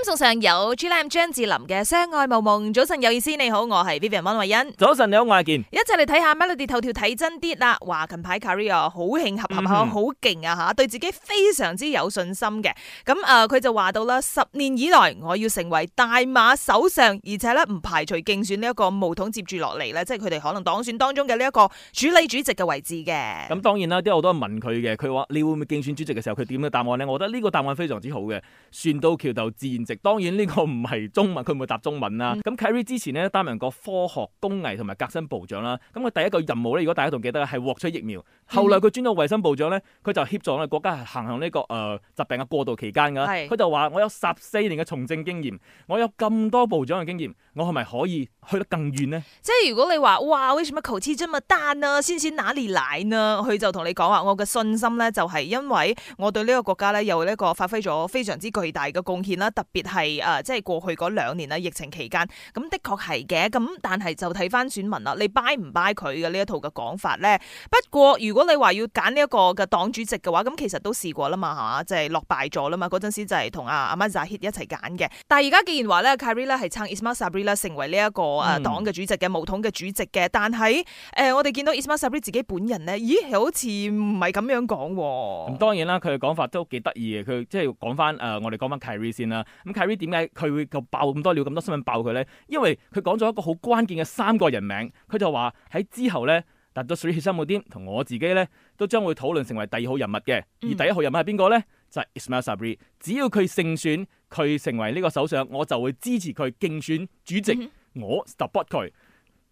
今日上有 G Lam 張智霖嘅《相愛無夢》，早晨有意思，你好，我係 Vivian 温慧欣。早晨你好，我係健。一齊嚟睇下《Melody》頭條睇真啲啦。話近排 Carrie 好慶合复合、mm hmm. 啊，好勁啊吓，對自己非常之有信心嘅。咁誒，佢、呃、就話到啦，十年以來，我要成為大馬首相，而且咧唔排除競選呢一個巫統接住落嚟呢即係佢哋可能黨選當中嘅呢一個主理主席嘅位置嘅。咁當然啦，啲我都係問佢嘅，佢話你會唔會競選主席嘅時候，佢點嘅答案咧？我覺得呢個答案非常之好嘅，船到橋頭自當然呢個唔係中文，佢唔會答中文啦、啊。咁、嗯、Kerry 之前咧擔任過科學工藝同埋革新部長啦，咁佢第一個任務咧，如果大家仲記得，係獲取疫苗。後來佢轉到衞生部長咧，佢就協助我哋國家行行呢、這個誒、呃、疾病嘅過渡期間㗎。佢是就話：我有十四年嘅從政經驗，我有咁多部長嘅經驗，我係咪可以？去得更遠呢？即係如果你話哇，為什麼求次則勿但啊，先先拿你奶呢？佢就同你講話，我嘅信心呢，就係因為我對呢個國家呢，有呢一個發揮咗非常之巨大嘅貢獻啦。特別係誒、呃，即係過去嗰兩年啦，疫情期間，咁的確係嘅。咁但係就睇翻選民啦，你 b 唔 b 佢嘅呢一套嘅講法呢？不過如果你話要揀呢一個嘅黨主席嘅話，咁其實都試過啦嘛，啊、就係、是、落敗咗啦嘛。嗰陣時就係同阿阿馬扎一齊揀嘅。但係而家既然話咧，卡瑞咧係撐伊斯 r i 布 a 成為呢、這、一個。啊，黨嘅、嗯、主席嘅，巫統嘅主席嘅，但係誒、呃，我哋見到 Isma Sabri 自己本人咧，咦，好似唔係咁樣講、哦。咁、嗯、當然啦，佢嘅講法都幾得意嘅，佢即係講翻誒，我哋講翻 Kerry 先啦。咁 Kerry 點解佢會爆咁多料、咁多新聞爆佢咧？因為佢講咗一個好關鍵嘅三個人名，佢就話喺之後咧，達到 t h r e Three t h 同我自己咧，都將會討論成為第二號人物嘅。而第一號人物係邊個咧？嗯、就係 Isma Sabri。只要佢勝選，佢成為呢個首相，我就會支持佢競選主席。嗯我就不 i t 佢，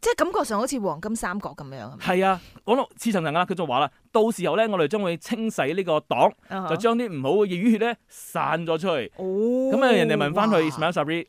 即係感覺上好似黃金三角咁樣，係啊，講到黐沉沉啊，佢就話啦。到時候咧，我哋將會清洗呢個黨，uh huh. 就將啲唔好嘅淤血咧散咗出去。哦、oh,，咁啊哇，人哋問翻佢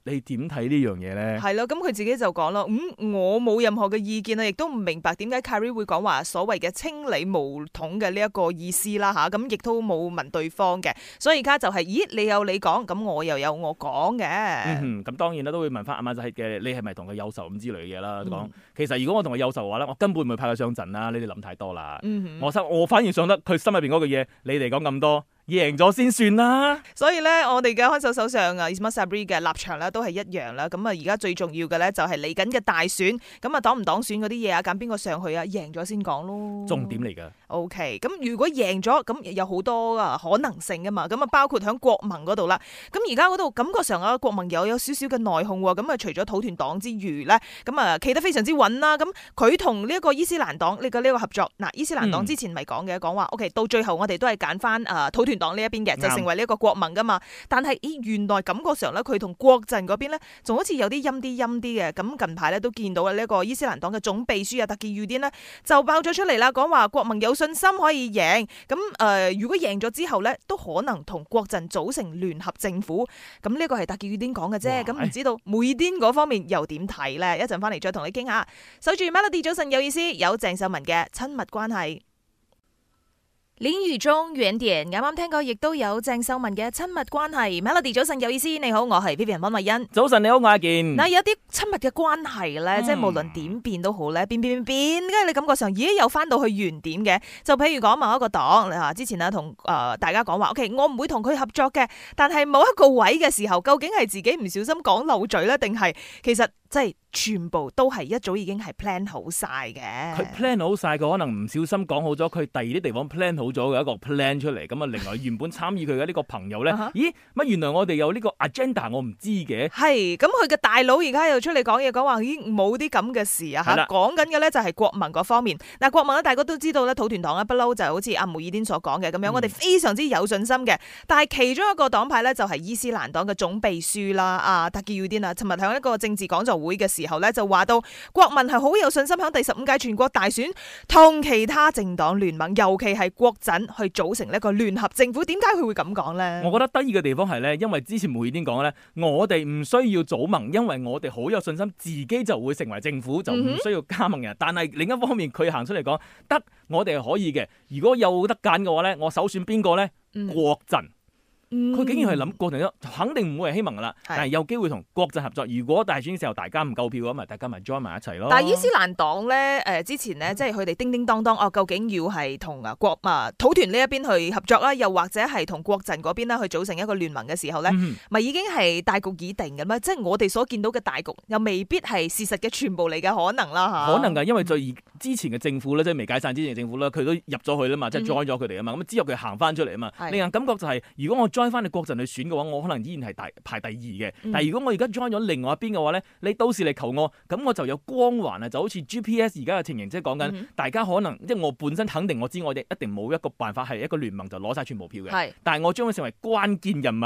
你點睇呢樣嘢咧？係咯，咁佢自己就講咯，嗯，我冇任何嘅意見啦，亦都唔明白點解 Carrie 會講話所謂嘅清理毛桶嘅呢一個意思啦嚇。咁、啊、亦都冇問對方嘅，所以而家就係、是，咦，你有你講，咁我又有我講嘅。咁、嗯、當然啦，都會問翻阿 m 仔嘅，你係咪同佢有仇咁之類嘅嘢啦？講、嗯、其實如果我同佢有仇嘅話咧，我根本唔會派佢上陣啦。你哋諗太多啦。嗯、哼我。我反而想得佢心入邊嗰個嘢，你哋講咁多。贏咗先算啦，所以咧，我哋嘅看守首相啊，Ismail Sabri 嘅立場咧都係一樣啦。咁啊，而家最重要嘅咧就係嚟緊嘅大選，咁啊，當唔當選嗰啲嘢啊，揀邊個上去啊，贏咗先講咯。重點嚟噶。O K，咁如果贏咗，咁有好多啊可能性噶嘛。咁啊，包括喺國民嗰度啦。咁而家嗰度感覺上啊，國民有有少少嘅內訌。咁啊，除咗土團黨之餘咧，咁啊企得非常之穩啦。咁佢同呢一個伊斯蘭黨呢個呢個合作，嗱，伊斯蘭黨之前咪講嘅，講話 O K，到最後我哋都係揀翻土黨呢一邊嘅就成為呢一個國盟噶嘛，但係咦、欸，原來感覺上咧，佢同國陣嗰邊咧，仲好似有啲陰啲陰啲嘅。咁近排咧都見到啊，呢一個伊斯蘭黨嘅總秘書啊，特傑爾丁咧就爆咗出嚟啦，講話，國盟有信心可以贏。咁誒、呃，如果贏咗之後咧，都可能同國陣組成聯合政府。咁呢個係特傑爾丁講嘅啫，咁唔哇知道梅爾丁嗰方面又點睇咧？一陣翻嚟再同你傾下。守住 Melody 早晨有意思，有鄭秀文嘅親密關係。臉如中遠點，啱啱聽過，亦都有鄭秀文嘅親密關係。Melody 早晨有意思，你好，我係 Vivian 温慧欣。早晨你好，阿健。嗱，有啲親密嘅關係咧，即係無論點變都好咧，變變變點解你感覺上，咦，有翻到去原點嘅。就譬如講某一個黨，你話之前啊，同、呃、誒大家講話，OK，我唔會同佢合作嘅，但係某一個位嘅時候，究竟係自己唔小心講漏嘴咧，定係其實？即係全部都係一早已經係 plan 好晒嘅。佢 plan 好晒，佢可能唔小心講好咗。佢第二啲地方 plan 好咗嘅一個 plan 出嚟。咁啊，另外原本參與佢嘅呢個朋友咧， 咦？乜原來我哋有呢個 agenda，我唔知嘅。係咁，佢嘅大佬而家又出嚟講嘢，講話說已經冇啲咁嘅事啊！嚇的，講緊嘅咧就係國民嗰方面。嗱，國民咧，大家都知道咧，土團黨咧不嬲就好似阿毛以丁所講嘅咁樣，我哋非常之有信心嘅。嗯、但係其中一個黨派咧就係伊斯蘭黨嘅總秘書啦，啊，特傑尤丁啊，尋日喺一個政治講座，會嘅時候咧就話到國民係好有信心響第十五屆全國大選同其他政黨聯盟，尤其係國陣去組成呢個聯合政府，點解佢會咁講呢？我覺得得意嘅地方係呢，因為之前梅雨天堅講呢：「我哋唔需要組盟，因為我哋好有信心自己就會成為政府，就唔需要加盟人。」Mm hmm. 但係另一方面，佢行出嚟講，得我哋係可以嘅。如果有得揀嘅話呢，我首選邊個呢？國陣。佢、嗯、竟然係諗過程中，肯定唔會係希盟噶啦。但係有機會同國陣合作。如果大選嘅時候大家唔夠票，咁咪大家咪 join 埋一齊咯。但係伊斯蘭黨咧，誒、呃，之前呢，嗯、即係佢哋叮叮噹噹哦，究竟要係同啊國啊土團呢一邊去合作啦，又或者係同國陣嗰邊呢去組成一個聯盟嘅時候咧，咪、嗯、已經係大局已定嘅咩？即係我哋所見到嘅大局，又未必係事實嘅全部嚟嘅可能啦、嗯、可能噶，因為最之前嘅政府咧，即係未解散之前嘅政府咧，佢都入咗去啦嘛，即係 join 咗佢哋啊嘛。咁、嗯、之後佢行翻出嚟啊嘛，令人是感覺就係、是、如果我。join 翻你國陣去選嘅話，我可能依然係第排第二嘅。但係如果我而家 join 咗另外一邊嘅話咧，你到時嚟求我，咁我就有光環啊，就好似 GPS 而家嘅情形，即係講緊大家可能即係我本身肯定我知，我哋一定冇一個辦法係一個聯盟就攞晒全部票嘅。但係我將會成為關鍵人物。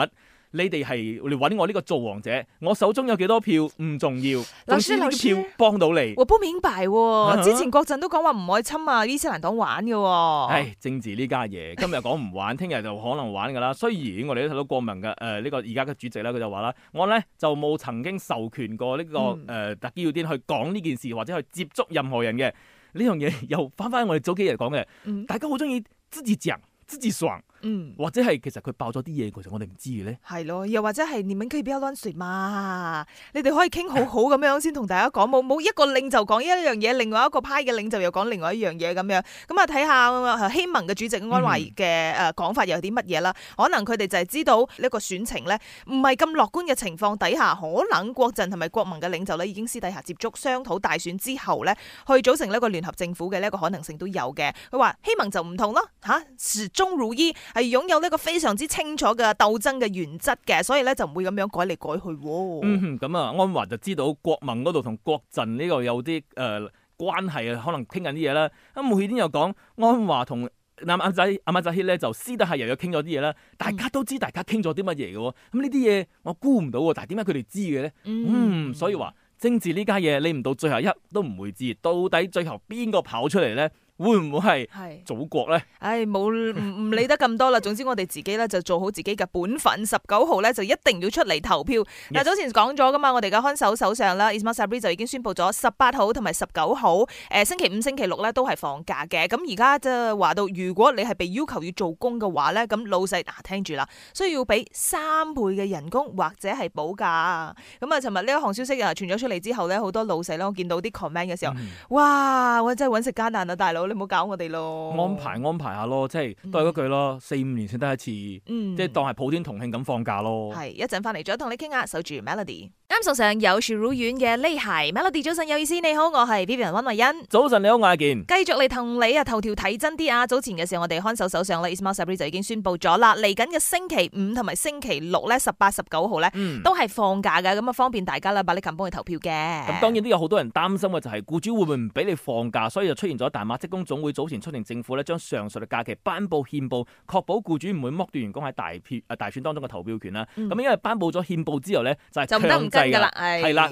你哋係嚟搵我呢個造王者，我手中有幾多票唔重要，幾票幫到你，我不明白、哦。啊、之前國陣都講話唔可以侵啊伊斯蘭黨玩嘅、哦。誒，政治呢家嘢，今日講唔玩，聽日 就可能玩噶啦。雖然我哋都睇到國民嘅誒呢個而家嘅主席啦，佢就話啦，我咧就冇曾經授權過呢、這個誒達基尤丁去講呢件事或者去接觸任何人嘅呢樣嘢。又翻翻我哋早幾日講嘅，大家好中意自己講自己爽。嗯，或者係其實佢爆咗啲嘢，其實我哋唔知嘅咧。係咯，又或者係聯盟區比 a l a 嘛？你哋可以傾好好咁樣先，同大家講冇冇一個領袖講一樣嘢，另外一個派嘅領袖又講另外一樣嘢咁樣。咁啊睇下希盟嘅主席安懷嘅誒講法有啲乜嘢啦？嗯、可能佢哋就係知道呢一個選情咧唔係咁樂觀嘅情況底下，可能國陣同埋國民嘅領袖咧已經私底下接觸商討大選之後咧，去組成呢一個聯合政府嘅呢一個可能性都有嘅。佢話希盟就唔同咯，嚇始終如一。係擁有呢個非常之清楚嘅鬥爭嘅原則嘅，所以咧就唔會咁樣改嚟改去、哦嗯。嗯哼，咁、嗯、啊安華就知道國盟嗰度同國陣呢個有啲誒、呃、關係啊，可能傾緊啲嘢啦。咁吳彥天又講安華同阿阿仔阿馬扎希咧就私底下又有傾咗啲嘢啦。大家都知道大家傾咗啲乜嘢嘅，咁呢啲嘢我估唔到，但係點解佢哋知嘅咧？嗯，所以話政治呢家嘢你唔到最後一都唔會知道，到底最後邊個跑出嚟咧？會唔會係祖國呢？唉，冇，唔理得咁多啦。 總之我哋自己咧就做好自己嘅本分。十九號咧就一定要出嚟投票。嗱，Yes. 早前講咗噶嘛，我哋嘅看守首相啦 Ismail Sabri 就已經宣佈咗十八號同埋十九號，誒、呃、星期五、星期六咧都係放假嘅。咁而家即係話到，如果你係被要求要做工嘅話咧，咁老細嗱、啊，聽住啦，需要俾三倍嘅人工或者係補假啊。咁、嗯、啊，尋日呢一項消息啊傳咗出嚟之後咧，好多老細咧，我見到啲 comment 嘅時候，嗯、哇，我真係揾食艱難啊，大佬！你唔好搞我哋咯，安排安排下咯，即係都係嗰句咯，嗯、四五年先得一次，即係當係普天同慶咁放假咯。係一陣翻嚟再同你傾下，守住 Melody。啱手上有 s 乳 i 嘅呢鞋，Melody 早晨有意思，你好，我係 Vivian 溫慧欣。早晨你好，我阿健，繼續嚟同你啊頭條睇真啲啊！早前嘅時候，我哋看守首相咧，Ismael Sabri 就已經宣布咗啦。嚟緊嘅星期五同埋星期六咧，十八、十九號咧，嗯、都係放假嘅。咁啊，方便大家啦，把呢琴幫佢投票嘅。咁當然都有好多人擔心嘅，就係、是、僱主會唔會唔俾你放假，所以就出現咗。大馬職工總會早前出庭政府呢，將上述嘅假期頒布憲報，確保僱主唔會剝奪員工喺大票啊、呃、大選當中嘅投票權啦。咁、嗯、因為頒布咗憲報之後呢，就係、是、強制。係噶啦，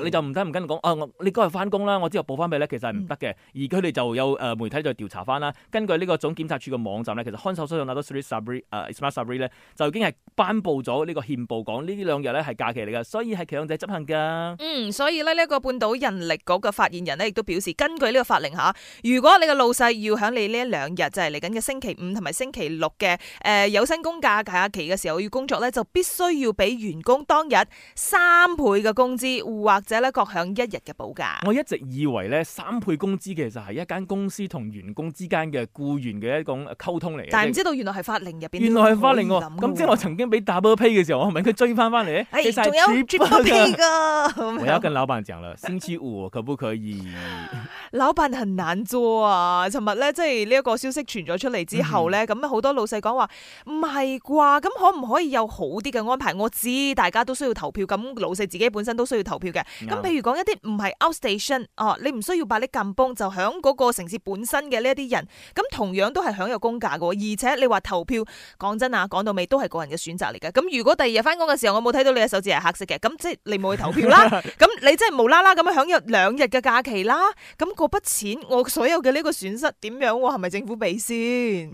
你就唔使唔跟你講啊！我你嗰日翻工啦，我之後報翻俾咧，其實係唔得嘅。而佢哋就有誒媒體就調查翻啦。嗯、根據呢個總檢察處嘅網站咧，其實看守所嘅那多 three s u b b r i 咧，就已經係頒布咗呢個憲報講呢啲兩日咧係假期嚟噶，所以係強制執行噶。嗯，所以呢，呢一個半島人力局嘅發言人呢，亦都表示，根據呢個法令嚇，如果你嘅老細要喺你呢一兩日，就係嚟緊嘅星期五同埋星期六嘅誒、呃、有薪工假，假期嘅時候要工作呢，就必須要俾員工當日三倍嘅工工資或者咧各享一日嘅補假。我一直以為咧三倍工資其實係一間公司同員工之間嘅僱員嘅一種溝通嚟嘅。但係唔知道原來係法令入邊。原來係法令喎。咁即係我曾經俾 double pay 嘅時候，我係咪應該追翻翻嚟？其實哎，仲有 double 的 pay 噶。 我有跟老闆講啦， 星期五可不可以？ 老闆很難做啊！尋日咧，即係呢一個消息傳咗出嚟之後咧，咁好、嗯、哼多老細講話唔係啩？咁可唔可以有好啲嘅安排？我知道大家都需要投票。咁老細自己本身。都需要投票嘅，咁譬如講一啲唔係 outstation 哦，你唔需要 balik kampung，就響嗰個城市本身嘅呢一啲人，咁同樣都係享有公假嘅，而且你話投票，講真啊，講到尾都係個人嘅選擇嚟嘅。咁如果第二日翻工嘅時候，我冇睇到你嘅手指係黑色嘅，咁即係你冇去投票啦，咁你真係無啦啦咁樣享有兩日嘅假期啦，咁嗰筆錢我所有嘅呢個損失點樣？係咪政府畀先？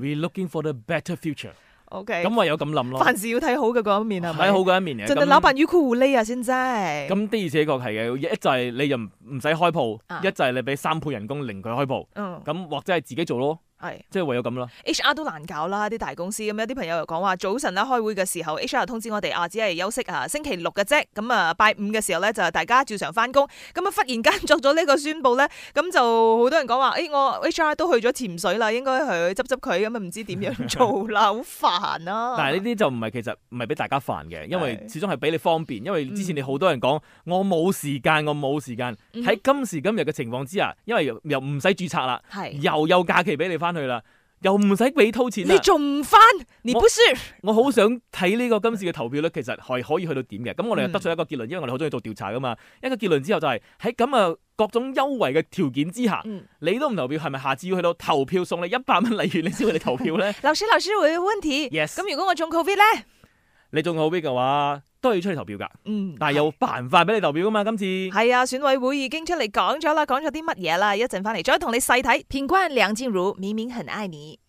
O K，咁唯有咁諗咯。凡事要睇好嘅嗰一面啊，睇好嗰一面嘅，仲要老闆魚酷狐狸啊先真。咁的而且確係嘅，一就係你又唔唔使開鋪，啊、一就係你俾三倍人工令佢開鋪，咁、嗯、或者係自己做咯。係，即係是唯有咁咯。H R 都難搞啦，啲大公司咁有啲朋友又講話，早晨啦開會嘅時候，H R 通知我哋啊只係休息啊，星期六嘅啫。咁、嗯、啊拜五嘅時候咧就大家照常翻工，咁、嗯、啊忽然間作咗呢個宣布咧，咁就好多人講話，誒、欸、我 H R 都去咗潛水啦，應該去執執佢，咁啊唔知點樣做啦，好煩 啊。但係呢啲就唔係其實唔係俾大家煩嘅，因為始終係俾你方便。因為之前你好多人講、嗯、我冇時間，我冇時間，喺、嗯、今時今日嘅情況之下，因為又唔使註冊啦，是又有假期俾你翻。翻去啦，又唔使俾掏錢。你仲唔翻？你唔說，我好想睇呢個今次嘅投票率，其實係可以去到點嘅。咁我哋又得出一個結論，嗯、因為我哋好中意做調查噶嘛。一個結論之後就係喺咁啊各種優惠嘅條件之下，嗯、你都唔投票，係咪下次要去到投票送你一百蚊禮券，你先會嚟投票咧？ 老師，老師，我有問題。Yes，咁如果我中 Covid 咧？你中 Covid 嘅話？都要出嚟投票噶，嗯，但係有辦法畀你投票噶嘛？今次係啊，選委會已經出嚟講咗啦，講咗啲乜嘢啦？一陣返嚟再同你細睇。品冠梁靜茹明明很愛你。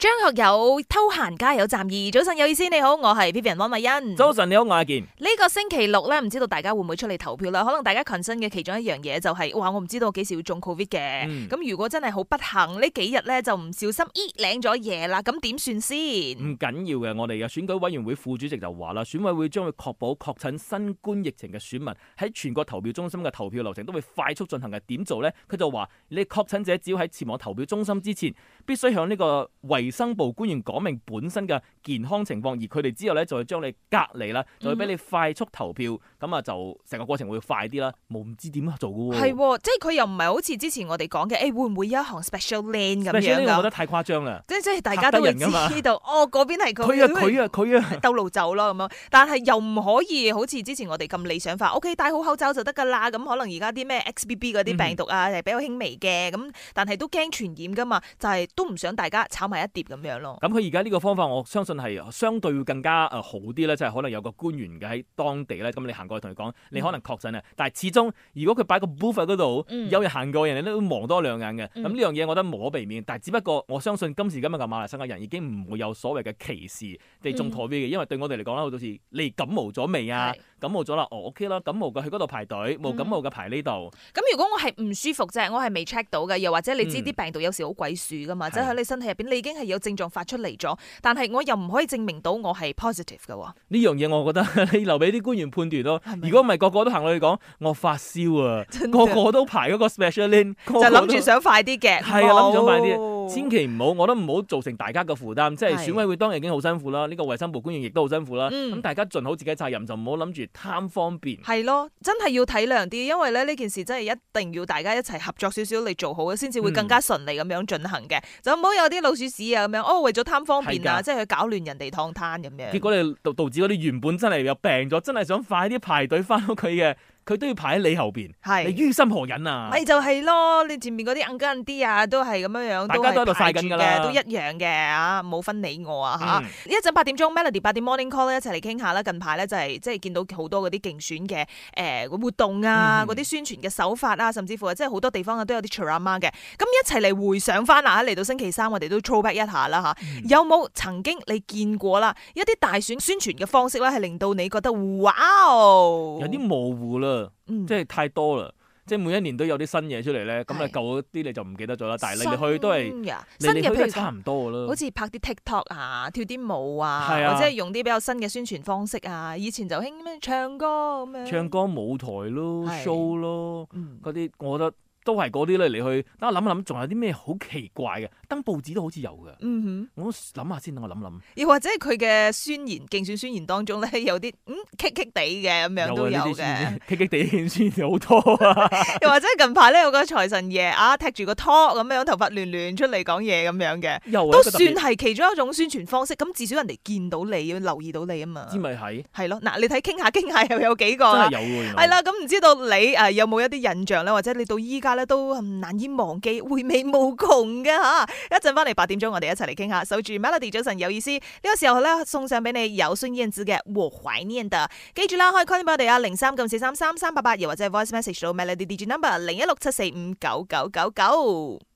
張學友偷閒加油站二早晨，有意思，你好，我係 Vivian 溫麗欣。早晨你好，我係阿健。呢個星期六咧，唔知道大家會唔會出嚟投票啦？可能大家 concern 嘅其中一樣嘢就係、是，哇！我唔知道幾時會中 Covid 嘅。咁、嗯、如果真係好不幸，呢幾日咧就唔小心，咦，領咗嘢啦，咁點算先？唔緊要嘅，我哋嘅選舉委員會副主席就話啦，選委會將會確保確診新冠疫情嘅選民喺全國投票中心嘅投票流程都會快速進行嘅。點做呢？佢就話，你確診者只要喺前往投票中心之前，必須向呢個衞生部官員講明本身嘅健康情況，而佢哋之後咧就會將你隔離啦，就會俾你快速投票，咁啊、嗯、就成個過程會快啲啦。冇唔知點樣做嘅喎。係喎，即係佢又唔係好似之前我哋講嘅，誒、欸、會唔會有一行 spe land special lane 咁樣，我覺得太誇張啦。即係大家都知道，哦嗰邊係佢。佢啊佢啊佢啊兜路走囉咁樣，但係又唔可以好似之前我哋咁理想化。OK，戴好口罩就得㗎啦。咁可能而家啲咩 XBB 嗰啲病毒啊係、嗯、比較輕微嘅，咁但係都驚傳染㗎嘛，就係、是。都唔想大家炒埋一碟咁樣咯。咁佢而家呢個方法，我相信係相對會更加誒好啲咧，即、就、係、是、可能有個官員嘅喺當地咧。咁你行過去同佢講，你可能確診啊。但係始終，如果佢擺個 buffer 嗰度，嗯、有人行過，人哋都望多兩眼嘅。咁呢、嗯、樣嘢，我覺得無可避免。但係只不過，我相信今時今日嘅馬來西亞人已經唔會有所謂嘅歧視地中妥尾嘅，嗯、因為對我哋嚟講啦，到時你感冒咗未啊？是感冒咗啦，哦 OK 啦，感冒嘅去嗰度排隊，冇感冒嘅排呢度。咁、嗯、如果我係唔舒服啫，我係未 check 到嘅，又或者你知啲病毒有時好鬼鼠噶嘛？嗯或者喺你身體入邊，你已經係有症狀發出嚟咗，但係我又唔可以證明到我係 positive 嘅。呢樣嘢我覺得，你留俾啲官員判斷咯。如果唔係，個個都行落去講，我發燒啊，的個個都排嗰個 special lane，就諗住想快啲嘅。係啊，諗住快啲。Oh. 千祈唔好，我都唔好造成大家嘅負擔。即係選委會當然已經好辛苦啦，呢、呢個衞生部官員亦都好辛苦啦。咁、嗯、大家盡好自己責任，就唔好諗住貪方便。係咯，真係要體諒啲，因為咧呢件事真係一定要大家一齊合作少少嚟做好嘅，先至會更加順利咁樣進行嘅。嗯、就唔好有啲老鼠屎啊咁樣，哦為咗貪方便啊，的即係搞亂人哋趟攤咁樣。結果你導致嗰啲原本真係有病咗，真係想快啲排隊翻屋企嘅。佢都要排喺你後邊，係你於心何忍啊？咪就係咯，你前面嗰啲銀根啲啊，都係咁樣樣，大家都喺度曬緊都一樣嘅啊，冇分你我啊嚇。一陣八點鐘，Melody 八點 Morning Call 一齊嚟傾下啦。近排咧就係、是、即係見到好多嗰啲競選嘅誒、呃、活動啊，嗰啲、嗯、宣傳嘅手法啊，甚至乎即係好多地方都有啲 Trama 嘅。咁一齊嚟回想翻啊！嚟到星期三，我哋都一下啦、啊嗯、有冇曾經你見過啦？一啲大選宣傳嘅方式咧，係令到你覺得哇、哦，有啲模糊啦。嗯，即係太多啦，即係每一年都有啲新嘢出嚟咧，咁啊舊啲你就唔記得咗啦。的但係去都係新嘅的，去都係差唔多噶啦。好似拍啲 TikTok 啊，跳啲舞啊，的或者係用啲比較新嘅宣傳方式啊。以前就興咩唱歌咁樣，唱歌舞台咯的，show 咯，嗰啲我覺得。都係嗰啲咧嚟去，等我諗諗，仲有啲咩好奇怪嘅？登報紙都好似有嘅。嗯哼，我諗下先，等我諗諗。又或者佢嘅宣言競選宣言當中咧，有啲嗯棘棘地嘅咁樣都有嘅。棘棘地宣言好多啊！ 又或者近排咧，有個財神爺啊，踢住個拖咁樣，頭髮亂亂出嚟講嘢咁樣嘅，又是都算係其中一種宣傳方式。咁至少人哋見到你，要留意到你啊嘛。知咪係？係咯，嗱，你睇傾下傾下又有幾個？真係有喎、啊。係啦，咁唔知道你誒有冇一啲印象咧？或者你到依家？咧都難以忘記，窮的回味無窮嘅吓。一陣翻嚟，八點鐘，我哋一齊嚟傾下，守住 Melody 早晨有意思。呢、呢個時候咧，送上俾你有孫燕姿嘅《我懷念的》。記住啦，可以 call 我哋啊，零三九四三三三八八，8，又或者 voice message 到 Melody Digi number 零一六七四五九九九九。